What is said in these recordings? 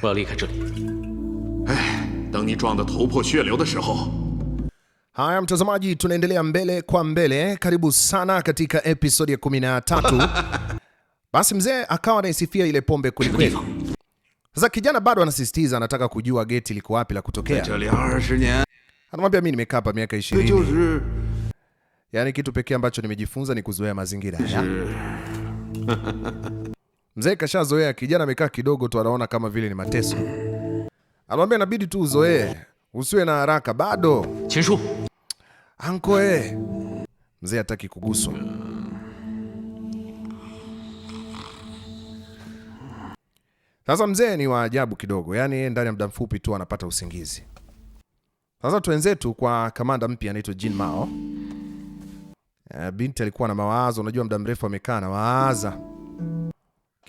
我要离开这里。哎，等你撞得头破血流的时候。Haya mtazamaji, tunaendelea mbele kwa mbele. Karibu sana katika episodi ya 13. Basi mzee akawa anaisifia ile pombe kwelikweli. Sasa kijana bado anasisitiza, anataka kujua geti liko wapi la kutokea. Anamwambia mi nimekaa pa miaka 20. Yaani kitu pekee ambacho nimejifunza ni kuzoea mazingira Mzee kashazoea, kijana amekaa kidogo tu anaona kama vile ni mateso. Anamwambia inabidi tu uzoee, usiwe na haraka bado. Chishu. Anko eh. Mzee hataki kuguswa. Sasa mzee ni wa ajabu kidogo, yaani yeye ndani ya muda mfupi tu anapata usingizi. Sasa twenzetu kwa kamanda mpya anaitwa Jin Mao. Eh, binti alikuwa na mawazo, unajua muda mrefu amekaa na mawazo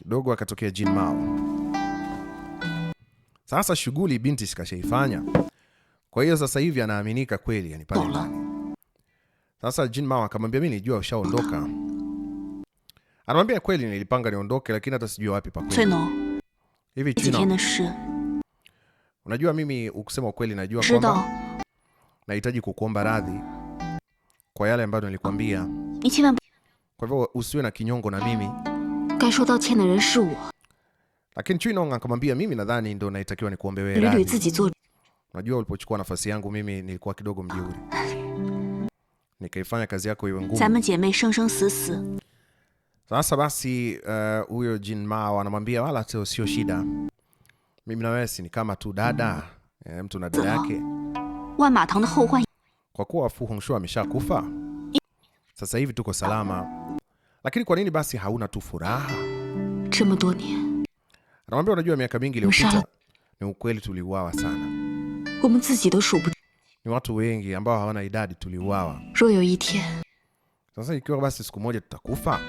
kidogo akatokea Jin Mao. Sasa shughuli binti sikashaifanya, kwa hiyo sasa hivi anaaminika kweli, yani pale ndani. Sasa Jin Mao akamwambia mimi nijua ushaondoka. Anamwambia kweli, nilipanga niondoke, lakini hata sijui wapi pa kweli. Hivi Chino, unajua mimi ukusema ukweli, najua kwamba nahitaji kukuomba radhi kwa yale ambayo nilikwambia. Kwa hivyo usiwe na kinyongo na mimi chui Chinong akamwambia mimi nadhani ndo naitakiwa nikuombe wewe radhi. Unajua ulipochukua nafasi yangu mimi nilikuwa kidogo mjeuri. Nikaifanya kazi yako iwe ngumu. Sasa basi uh, huyo uh, Jin Mao anamwambia wala teo sio shida. Mimi na wewe si ni kama tu dada, e, mtu na dada yake. Kwa kuwa Fu Hongxue ameshakufa. Sasa hivi tuko salama. Lakini kwa nini basi hauna tu furaha? Anamwambia, unajua miaka mingi iliyopita, ni ukweli tuliuawa sana, ni watu wengi ambao hawana idadi tuliuawa. Sasa ikiwa basi siku moja tutakufa,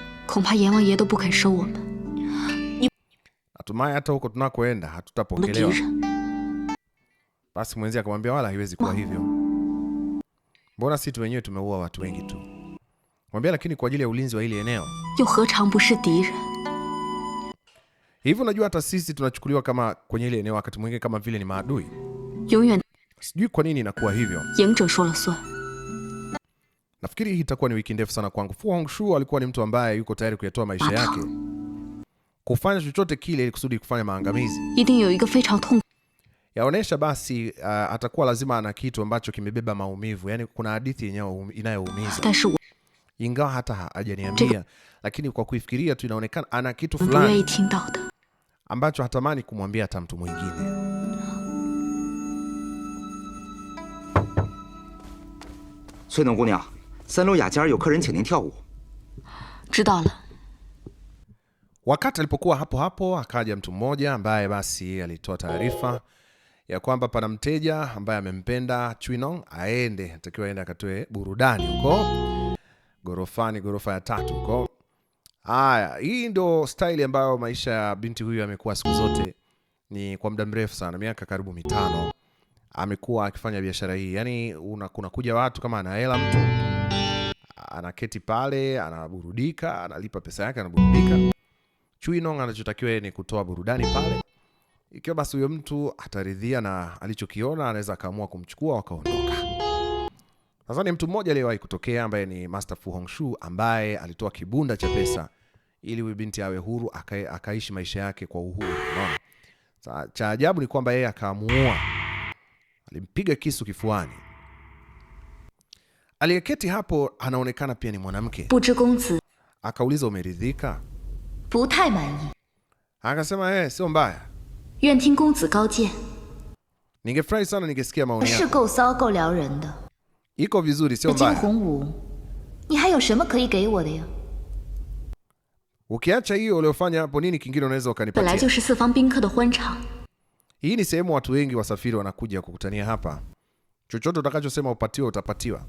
hatimaye hata huko tunakoenda hatutapokelewa. Basi mwenzi akamwambia, wala haiwezi kuwa hivyo, mbona si tu wenyewe tumeua watu wengi tu. Mwambia lakini kwa ajili ya ulinzi wa hili eneo. Hivi unajua hata sisi tunachukuliwa kama kwenye ile eneo wakati mwingine kama vile ni maadui. Sijui kwa nini inakuwa hivyo. Nafikiri hii itakuwa ni wiki ndefu sana kwangu. Fu Hongxue alikuwa ni mtu ambaye yuko tayari kuyatoa maisha yake kufanya chochote kile ili kusudi kufanya maangamizi. Yaonesha basi uh, atakuwa lazima ana kitu ambacho kimebeba maumivu, yani kuna hadithi yenyewe inayoumiza ingawa hata hajaniambia, lakini kwa kuifikiria tu inaonekana ana kitu fulani ambacho hatamani kumwambia hata mtu mwingine. Wakati alipokuwa hapo hapo, akaja mtu mmoja ambaye basi alitoa taarifa ya kwamba pana mteja ambaye amempenda Chuinong aende, atakiwa aende akatoe burudani huko gorofani, gorofa ya tatu. Kwa haya, hii ndo style ambayo maisha ya binti huyu amekuwa siku zote, ni kwa muda mrefu sana, miaka karibu mitano amekuwa akifanya biashara hii. Yani kuja watu kama ana hela mtu anaketi pale anaburudika, analipa pesa yake anaburudika. Chui Nong anachotakiwa ni kutoa burudani pale, ikiwa basi huyo mtu ataridhia na alichokiona, anaweza akaamua kumchukua wakaondoka. Nadhani mtu mmoja aliyewahi kutokea ambaye ni Master Fu Hongxue ambaye alitoa kibunda cha pesa ili huyu binti awe huru aka, akaishi maisha yake kwa uhuru. Unaona? Cha ajabu ni kwamba yeye akaamua. Alimpiga kisu kifuani. Aliyeketi hapo anaonekana pia ni mwanamke. Akauliza, umeridhika? Akasema, eh, sio mbaya. Ningefurahi sana ningesikia maoni yako iko vizuri, sio mbaya. ni hayo shema kai ya. Ukiacha hiyo uliofanya hapo, nini kingine unaweza ukanipatia? Hii ni sehemu watu wengi wasafiri wanakuja kukutania hapa. Chochote utakachosema upatiwe, utapatiwa.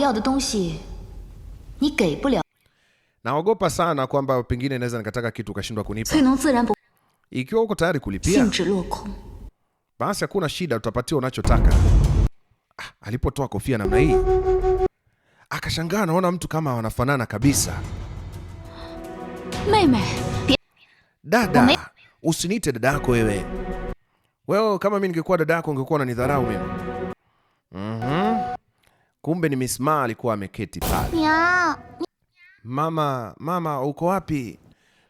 yao ni gei Naogopa sana kwamba pengine naweza nikataka kitu ukashindwa kunipa. Ikiwa uko tayari kulipia, basi hakuna shida, utapatiwa unachotaka. Ah, alipotoa kofia namna hii akashangaa, anaona mtu kama wanafanana kabisa. Meme, dada, usiniite dada yako wewe. Wewe kama mimi ningekuwa dada yako ungekuwa unanidharau mimi. Mhm. Kumbe ni Miss Ma alikuwa ameketi pale. Mama, mama uko wapi?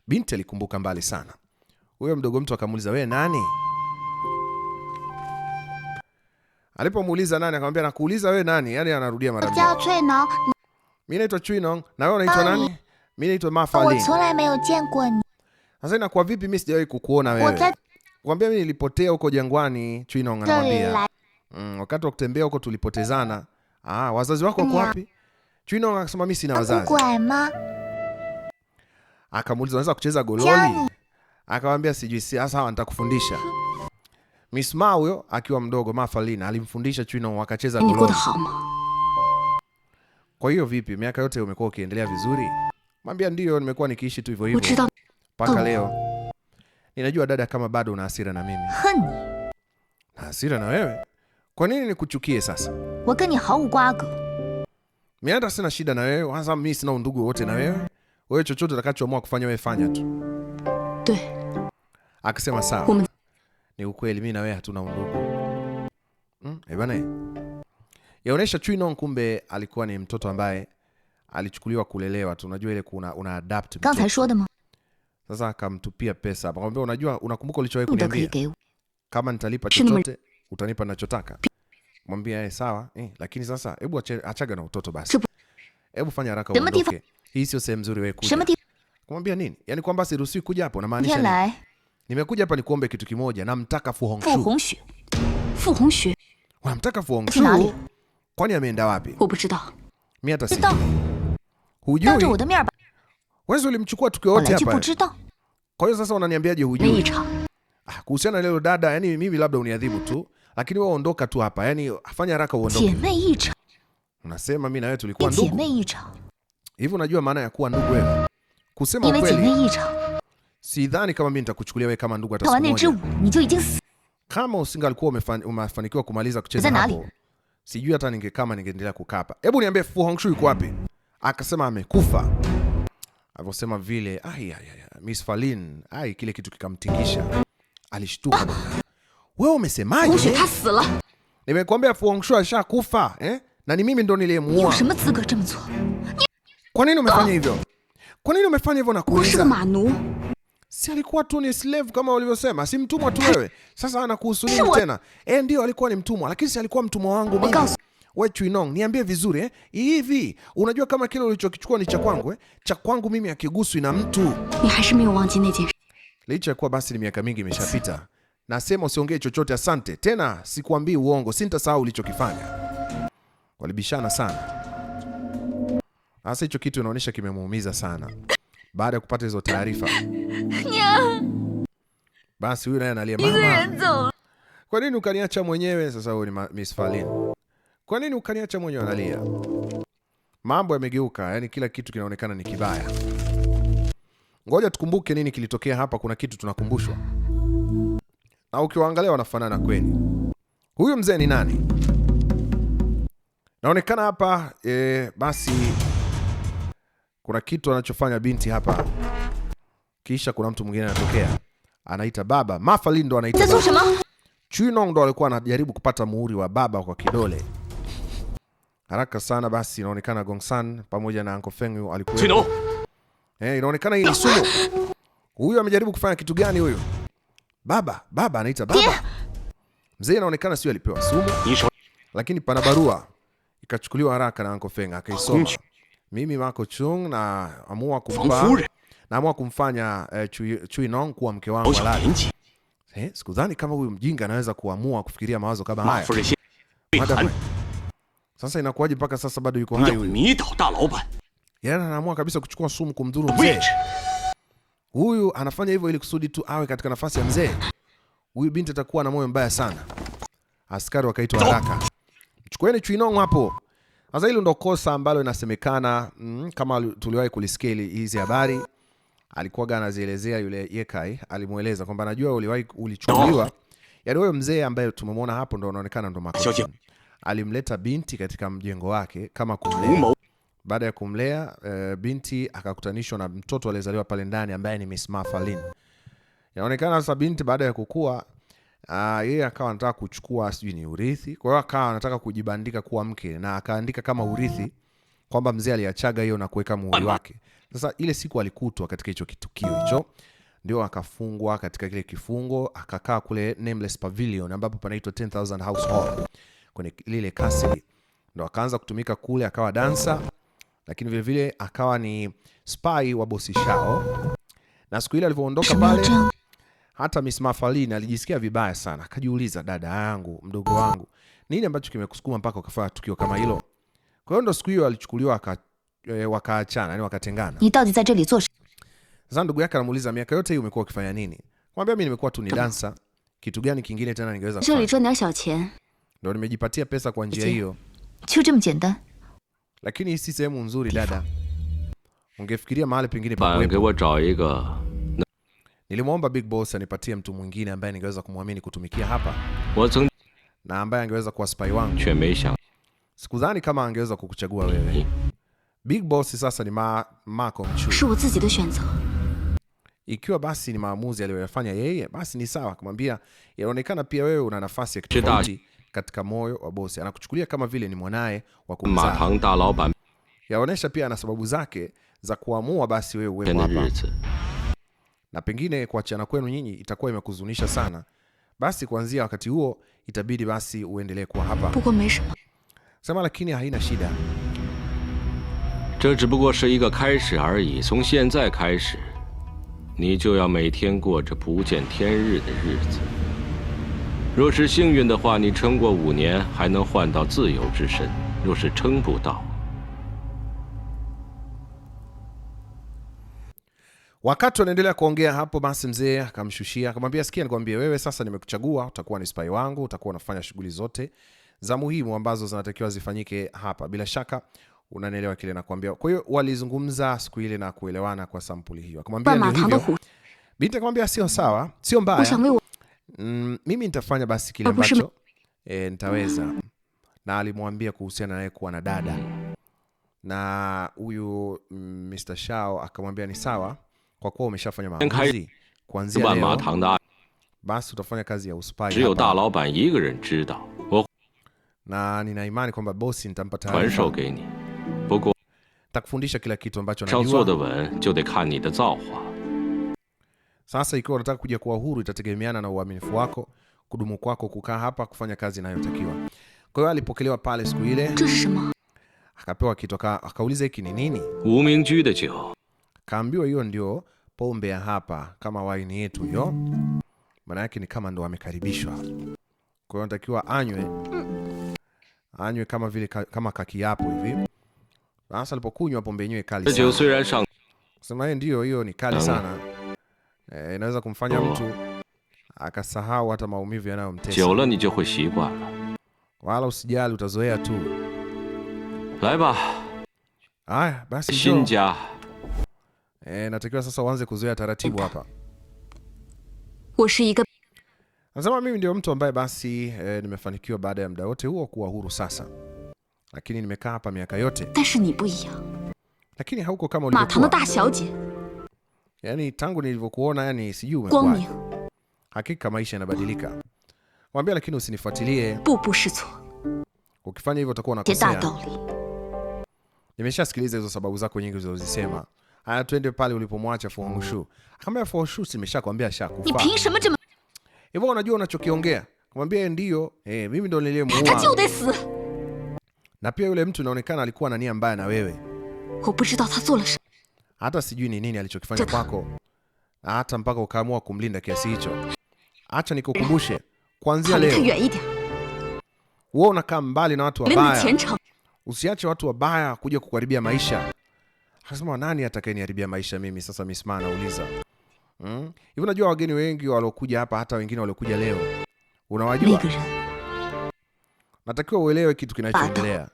Binti alikumbuka mbali sana. Huyo mdogo mtu akamuuliza, wewe nani? Alipomuuliza nani, akamwambia nakuuliza wewe nani? Yani anarudia mara mbili. Mimi naitwa Chuinong, na wewe unaitwa nani? Mimi naitwa Ma Fangling. Sasa inakuwa vipi mimi sijawahi kukuona wewe? Kwambia mimi nilipotea huko jangwani, Chuinong anamwambia. Mm, wakati wa kutembea huko tulipotezana. Ah, wazazi wako wako wapi? Chuinong akasema mimi sina wazazi. Akamuuliza unaweza kucheza gololi? Akamwambia sijui, sasa nitakufundisha. Miss Ma huyo akiwa mdogo Ma Fangling alimfundisha Chuino wakacheza gololi. Kwa hiyo vipi, miaka yote umekuwa ukiendelea vizuri? Mwambia ndio, nimekuwa nikiishi tu hivyo hivyo mpaka leo. Ninajua dada, kama bado una hasira na mimi. Na hasira na wewe? Kwa nini nikuchukie sasa? Mimi hata sina shida na wewe, hasa mimi sina undugu wote na wewe. Wewe chochote utakachoamua kufanya wewe fanya tu. Akasema sawa. Ni ukweli mimi na wewe hatuna undugu. Mm, ebane. Eh, Yaonesha Chui Nong kumbe alikuwa ni mtoto ambaye alichukuliwa kulelewa tu. Unajua ile kuna una adapt. Sasa akamtupia pesa. Akamwambia unajua unakumbuka ulichowahi kuniambia? Kama nitalipa chochote utanipa ninachotaka. Mwambia yeye eh, sawa, eh, lakini sasa hebu achaga na utoto basi. Hebu fanya haraka uondoke. Hii sio sehemu nzuri wewe kuja. Kumwambia nini? Yani kwamba siruhusiwi kuja hapo, unamaanisha nini? Nimekuja hapa nikuombe kitu kimoja, namtaka Fu Hongxue. Fu Hongxue. Fu Fu Hongxue. Kwani ameenda wapi? Mimi hata si. Hujui. Wewe ulimchukua tukio wote hapa. Kwa hiyo sasa unaniambiaje hujui? Ah, kuhusiana na leo dada, yani mimi labda uniadhibu tu, lakini wewe ondoka tu hapa. Yani afanya haraka uondoke. Unasema mimi na wewe tulikuwa ndugu. Hivi unajua maana ya kuwa ndugu wewe? Kusema kweli. Sidhani kama mimi nitakuchukulia wewe kama ndugu hata siku moja. Kama usingalikuwa umefanikiwa kumaliza kucheza hapo, sijui hata ninge kama ningeendelea kukapa. Hebu niambie Fu Hongxue yuko wapi? Akasema amekufa. Alivyosema vile, ai ai ai, Miss Falin, ai kile kitu kikamtikisha. Alishtuka. Ah! Wewe umesemaje? Nimekuambia Fu Hongxue ashakufa, eh? Na ni mimi ndo niliyemuua. Kwa nini umefanya ah! hivyo? Kwa nini umefanya hivyo na kuuliza? Si alikuwa tu ni slave kama ulivyosema, si mtumwa tu wewe. Sasa anakuhusu nini tena? Eh, ndio alikuwa ni mtumwa, lakini si alikuwa mtumwa wangu mimi. Wewe Chuinong, niambie vizuri eh? Hivi unajua kama kile ulichokichukua ni cha kwangu eh? Cha kwangu mimi akiguswi na mtu. Licha kuwa basi ni miaka mingi imeshapita. Nasema usiongee chochote, asante. Tena sikuambii uongo, sintasahau ulichokifanya. Walibishana sana. Hasa hicho kitu inaonyesha kimemuumiza sana. Baada ya kupata hizo taarifa, basi huyu naye analia, mama, kwa nini ukaniacha mwenyewe? Sasa huyu ni Miss Falin, kwa nini ukaniacha mwenyewe? Analia, mambo yamegeuka, yani kila kitu kinaonekana ni kibaya. Ngoja tukumbuke nini kilitokea hapa, kuna kitu tunakumbushwa, na ukiwaangalia wanafanana kweli. Huyu mzee ni nani? Naonekana hapa e, basi kuna kitu anachofanya binti hapa, kisha kuna mtu mwingine anatokea anaita baba. Ma Fangling ndo anaita baba. Chuinong ndo alikuwa anajaribu kupata muhuri wa baba kwa kidole haraka sana. Basi inaonekana Gongsan pamoja na Uncle Feng alikuwa alikuwa eh, inaonekana hii ni sumu. Huyu amejaribu kufanya kitu gani huyu? Baba, baba anaita baba. Mzee inaonekana sio alipewa sumu, lakini pana barua ikachukuliwa haraka na Uncle Feng akaisoma mimi Mako Chung na amua kumpa na amua kumfanya eh, Chui, Chui Nong kuwa mke wangu halali. Eh, sikudhani kama huyu mjinga anaweza kuamua kufikiria mawazo kama haya. Sasa inakuwaje mpaka sasa bado yuko hai huyu? Yeye anaamua kabisa kuchukua sumu kumdhuru mzee. Huyu anafanya hivyo ili kusudi tu awe katika nafasi ya mzee. Huyu binti atakuwa na moyo mbaya sana. Askari wakaitwa haraka. Chukueni Chui Nong hapo. Sasa hilo ndo kosa ambalo inasemekana mm, kama tuliwahi kulisikia hizi habari, alikuwa anazielezea yule Yekai, alimueleza kwamba najua uliwahi ulichukuliwa, yaani huyo mzee ambaye tumemwona hapo ndo anaonekana ndo makosa. Alimleta binti katika mjengo wake kama kumlea. Baada ya kumlea e, binti akakutanishwa na mtoto aliyezaliwa pale ndani ambaye ni Miss Mafalin. Inaonekana sasa binti baada ya kukua Ah, yeye uh, akawa anataka kuchukua sijui ni urithi, kwa hiyo akawa anataka kujibandika kuwa mke na akaandika kama urithi kwamba mzee aliachaga hiyo na kuweka muhuri wake. Sasa ile siku alikutwa katika hicho kitukio hicho, ndio akafungwa katika kile kifungo, akakaa kule Nameless Pavilion ambapo panaitwa 10000 House Hall kwenye lile castle, ndio akaanza kutumika kule, akawa dansa, lakini vile vile akawa ni spy wa bosi Shao, na siku ile alivyoondoka pale hata Miss Mafalini alijisikia vibaya sana, akajiuliza, dada yangu, mdogo wangu, nini ambacho kimekusukuma mpaka ukafanya tukio kama hilo? Kwa hiyo ndo siku hiyo alichukuliwa e, wakaachana, yani wakatengana. Sasa ndugu yake anamuuliza, miaka yote hii umekuwa ukifanya nini? Mwambia, mi nimekuwa tu ni dansa, kitu gani kingine tena ningeweza kufanya? Ndo nimejipatia pesa kwa njia hiyo. Lakini hii si sehemu nzuri dada, ungefikiria mahali pengine pa Nilimwomba Big Boss anipatie mtu mwingine ambaye ningeweza kumwamini kutumikia hapa na ambaye angeweza kuwa spy wangu. Sikudhani kama angeweza kukuchagua wewe. Big Boss sasa ni ma Malcolm Chu. Ikiwa basi ni maamuzi aliyoyafanya yeye, basi ni sawa kumwambia, inaonekana pia wewe una nafasi ya kitofauti katika moyo wa bosi. Anakuchukulia kama vile ni mwanae wa kumzaa. Yaonesha pia ana sababu zake za kuamua basi wewe uwe hapa na pengine kuachana kwenu nyinyi itakuwa imekuzunisha sana, basi kuanzia wakati huo itabidi basi uendelee kuwa hapa. Sema lakini haina shida. Wakati wanaendelea kuongea hapo, basi mzee akamshushia akamwambia, sikia, nikwambie wewe sasa, nimekuchagua utakuwa ni spai wangu, utakuwa unafanya shughuli zote za muhimu ambazo zinatakiwa zifanyike hapa. Bila shaka unanielewa kile nakwambia. Kwa hiyo walizungumza siku ile na kuelewana kwa sampuli hiyo. Akamwambia ndio hivyo. Binti akamwambia sio sawa, sio mbaya. Mm, mimi nitafanya basi kile ambacho e, nitaweza. Na alimwambia kuhusiana naye kuwa na dada. Na huyu Mr. Mm, Shao akamwambia ni sawa kwa kuwa umeshafanya maamuzi kuanzia leo, basi utafanya kazi ya uspai hapa na nina imani kwamba bosi nitampa taarifa, takufundisha kila kitu ambacho najua. Sasa ikiwa unataka kuja kuwa huru, itategemeana na uaminifu wako, kudumu kwako, kukaa hapa, kufanya kazi inayotakiwa. Kwa hiyo alipokelewa pale siku ile, akapewa kitu, akauliza hiki ni nini? Kaambiwa hiyo ndio pombe ya hapa, kama waini yetu hiyo. Maana yake ni kama ndo amekaribishwa, kwa hiyo anatakiwa anywe, anywe kama vile ka, kama kaki hapo hivi. Sasa alipokunywa pombe yenyewe kali sana, sema ndio hiyo ni kali sana e, inaweza kumfanya mtu akasahau hata maumivu yanayomtesa. Wala usijali, utazoea tu. Haya basi. E, natakiwa sasa uanze kuzoea taratibu hapa. Nasema mimi ndio mtu ambaye basi e, nimefanikiwa baada ya muda wote huo kuwa huru sasa, lakini nimekaa hapa miaka yote, lakini hauko kama ulivyokuwa. Yaani tangu nilivyokuona, yani sijui umekuwa. Hakika maisha yanabadilika. Mwambia lakini usinifuatilie. Ukifanya hivyo utakuwa unakosea. Nimeshasikiliza hizo sababu zako nyingi ulizozisema twende pale ulipomwacha Fu mm. Hongxue. Akamwambia Fu Hongxue, Ni nimeshakwambia shakufa. Hivyo unajua unachokiongea? Akamwambia ndio, eh, mimi ndo niliyemuua. Na pia yule mtu inaonekana alikuwa na nia mbaya na wewe. Hata sijui ni nini alichokifanya kwako. Hata mpaka ukaamua kumlinda kiasi hicho. Acha nikukumbushe, kuanzia leo. Wewe unakaa mbali na watu wabaya. Usiache watu wabaya kuja kukaribia maisha. Akasema nani atakayeniharibia maisha mimi sasa? Misma anauliza hmm? Hivi unajua wageni wengi waliokuja hapa, hata wengine waliokuja leo, unawajua. Natakiwa uelewe kitu kinachoendelea.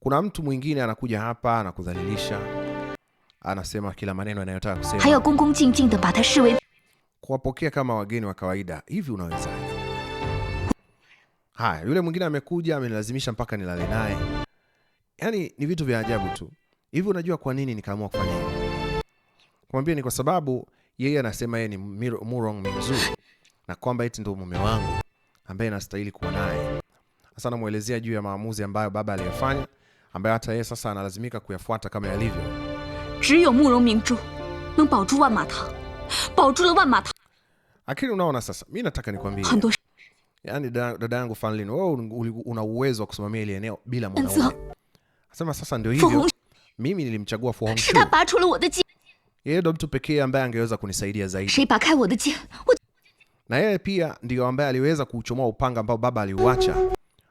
Kuna mtu mwingine anakuja hapa anakudhalilisha, anasema kila maneno anayotaka kusema, kuwapokea kama wageni wa kawaida. Hivi unawezaje? Haya, yule mwingine amekuja amenilazimisha mpaka nilale naye. Yani ni vitu vya ajabu tu. Hivi unajua kwa nini nikaamua kufanya hivi? Kumwambia ni kwa sababu yeye anasema yeye ni Murong mzuri na kwamba eti ndio mume wangu ambaye nastahili kuwa naye. Sasa namuelezea juu ya maamuzi ambayo baba aliyofanya, ambayo hata yeye sasa analazimika kuyafuata kama yalivyo. Murong baozhu Baozhu le Akili unaona sasa. Mimi nataka nikwambie. Yaani dada yangu Fanlin, wewe una uwezo wa kusimamia ile eneo bila mwanaume. Anasema sasa ndio hivyo. Mimi nilimchagua Fu Hongxue. Yeye ndo mtu pekee ambaye angeweza kunisaidia zaidi, na yeye pia ndiyo ambaye aliweza kuuchomoa upanga ambao baba aliuacha.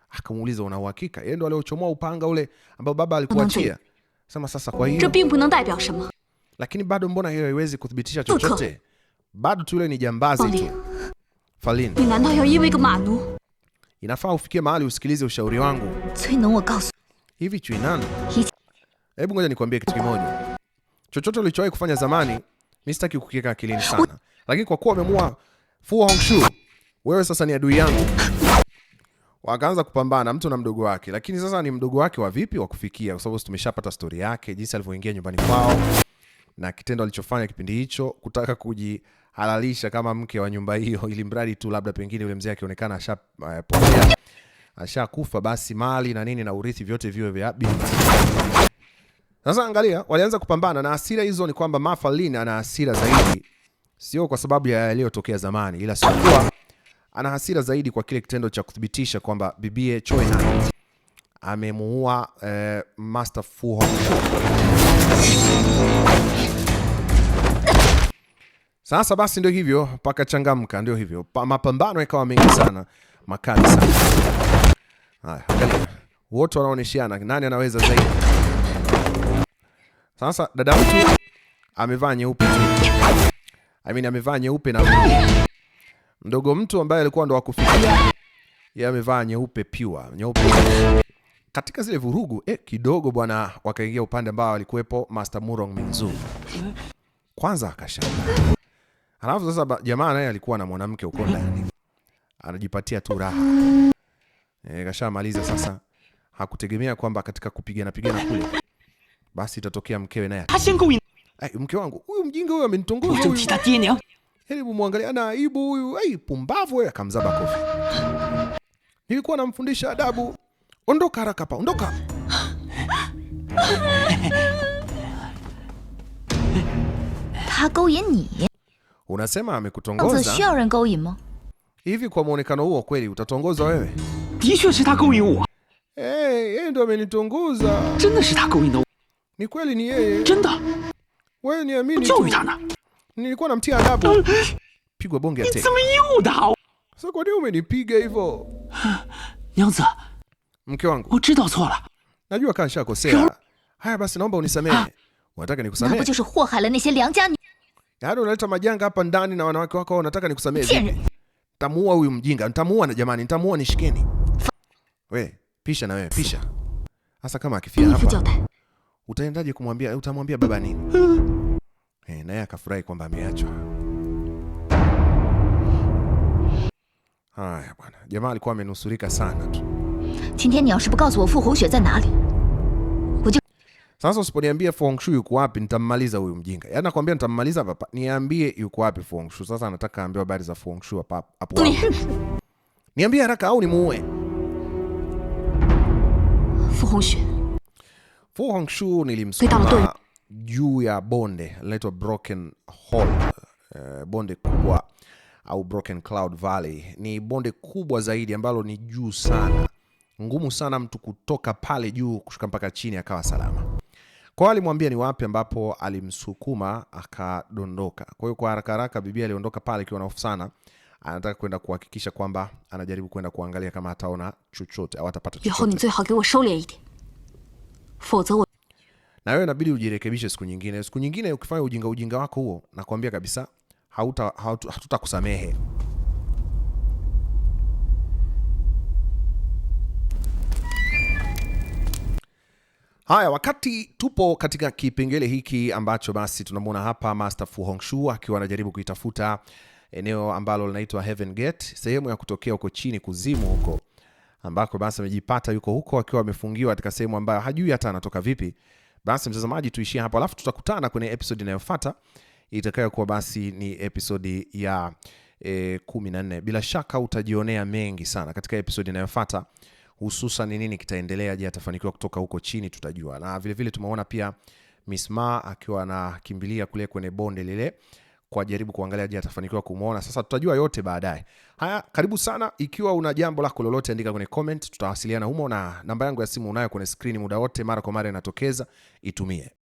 Akamuuliza, una uhakika? Yeye ndo aliochomoa upanga ule ambao baba alikuachia. Sema sasa, kwa hiyo lakini bado mbona hiyo haiwezi kuthibitisha chochote? Bado tu yule ni jambazi tu. Falin, inafaa ufikie mahali usikilize ushauri wangu hivi Chuinan Hebu ngoja nikwambie kitu kimoja, chochote ulichowahi kufanya zamani mi sitaki kukiweka akilini sana, lakini kwa kuwa umeamua Fu Hongxue, wewe sasa ni adui yangu. Wakaanza kupambana mtu na mdogo wake, lakini sasa ni mdogo wake wa vipi wa kufikia, kwa sababu tumeshapata stori yake, jinsi alivyoingia nyumbani kwao na kitendo alichofanya kipindi hicho, kutaka kujihalalisha kama mke wa nyumba hiyo, ili mradi tu labda pengine yule mzee akionekana ashapotea, eh, ashakufa, basi mali na nini na urithi vyote viwe vya binti sasa angalia, walianza kupambana na hasira hizo. Ni kwamba Ma Fangling ana hasira zaidi, sio kwa sababu ya yaliyotokea zamani, ila sio kwa ana hasira zaidi kwa kile kitendo cha kuthibitisha kwamba bibie Choi Na amemuua eh, Master Fu Hongxue. Sasa basi ndio hivyo, paka changamka, ndio hivyo. Pa, mapambano yakawa mengi sana, makali sana. Haya, angalia. Wote wanaonyeshana nani anaweza zaidi. Sasa dada mtu amevaa nyeupe tu. I mean amevaa nyeupe na mdogo mtu ambaye alikuwa ndo akufikia yeye amevaa nyeupe pure, nyeupe. Katika zile vurugu eh, kidogo bwana, wakaingia upande ambao alikuwepo Master Murong Minzu. Kwanza akashangaa. Alafu sasa jamaa naye alikuwa na mwanamke huko ndani. Anajipatia tu raha. Eh, kashamaliza sasa. Hakutegemea kwamba katika kupigana pigana kule basi itatokea mkewe naye Ai, mke wangu huyu mjinga huyu amenitongoza hebu muangalie, ana aibu huyu, ai pumbavu wewe! Akamzaba kofi. Nilikuwa namfundisha adabu. Ondoka haraka hapa, ondoka! Unasema amekutongoza hivi? Kwa mwonekano huo kweli utatongoza wewe? Yeye ndio amenitongoza. Ni kweli ni yeye. Wewe niamini tu. Nilikuwa namtia adabu. Eh? Pigwa bonge ate. Sasa kwa nini umenipiga hivyo? Nyanza. Mke wangu. Najua kama nishakosea. Haya basi naomba unisamehe. Unataka nikusamehe? Yaani unaleta majanga hapa ndani na wanawake wako wao, nataka nikusamehe vipi? Nitamuua huyu mjinga. Nitamuua na jamani, nitamuua nishikeni. Wewe pisha na wewe, pisha. Hasa kama akifia hapa utaendaje kumwambia? Utamwambia baba nini? E, naye akafurahi kwamba ameachwa. Haya bwana, jamaa alikuwa amenusurika sana tu. Sasa usiponiambia Fu Hongxue yuko wapi, nitammaliza huyu mjinga. Yaani nakwambia nitammaliza papa. Niambie yuko wapi Fu Hongxue. Sasa anataka aambiwe habari za Fu Hongxue hapa hapo. Niambie haraka au nimuue. Fu Hongxue Fu Hongxue juu ya bonde linaitwa Broken Hall, uh, bonde kubwa au Broken Cloud Valley ni bonde kubwa zaidi ambalo ni juu sana, ngumu sana mtu kutoka pale juu kushuka mpaka chini akawa salama. Kwa hiyo alimwambia ni wapi ambapo alimsukuma akadondoka. Kwa hiyo kwa haraka haraka bibi aliondoka pale ikiwa na hofu sana, anataka kwenda kuhakikisha kwamba anajaribu kwenda kuangalia kama ataona chochote au atapata chochote. 否则我 na wewe inabidi ujirekebishe siku nyingine. Siku nyingine ukifanya ujinga ujinga wako huo, nakwambia kabisa hauta hatutakusamehe. Haya, wakati tupo katika kipengele hiki ambacho basi tunamwona hapa Master Fu Hongxue akiwa anajaribu kuitafuta eneo ambalo linaitwa Heaven Gate, sehemu ya kutokea huko chini kuzimu huko ambako basi amejipata yuko huko akiwa amefungiwa katika sehemu ambayo hajui hata anatoka vipi. Basi mtazamaji, tuishie hapo, alafu tutakutana kwenye episode inayofuata itakayokuwa basi ni episode ya eh, e, 14. Bila shaka utajionea mengi sana katika episode inayofuata, hususan ni nini kitaendelea. Je, atafanikiwa kutoka huko chini? Tutajua, na vilevile tumeona pia Miss Ma akiwa anakimbilia kule kwenye bonde lile kwa kuangalia je, atafanikiwa kumwona. Sasa tutajua yote baadaye. Haya, karibu sana. Ikiwa una jambo lako lolote, andika kwenye comment, tutawasiliana humo, na namba yangu ya simu unayo kwenye screen muda wote, mara kwa mara inatokeza, itumie.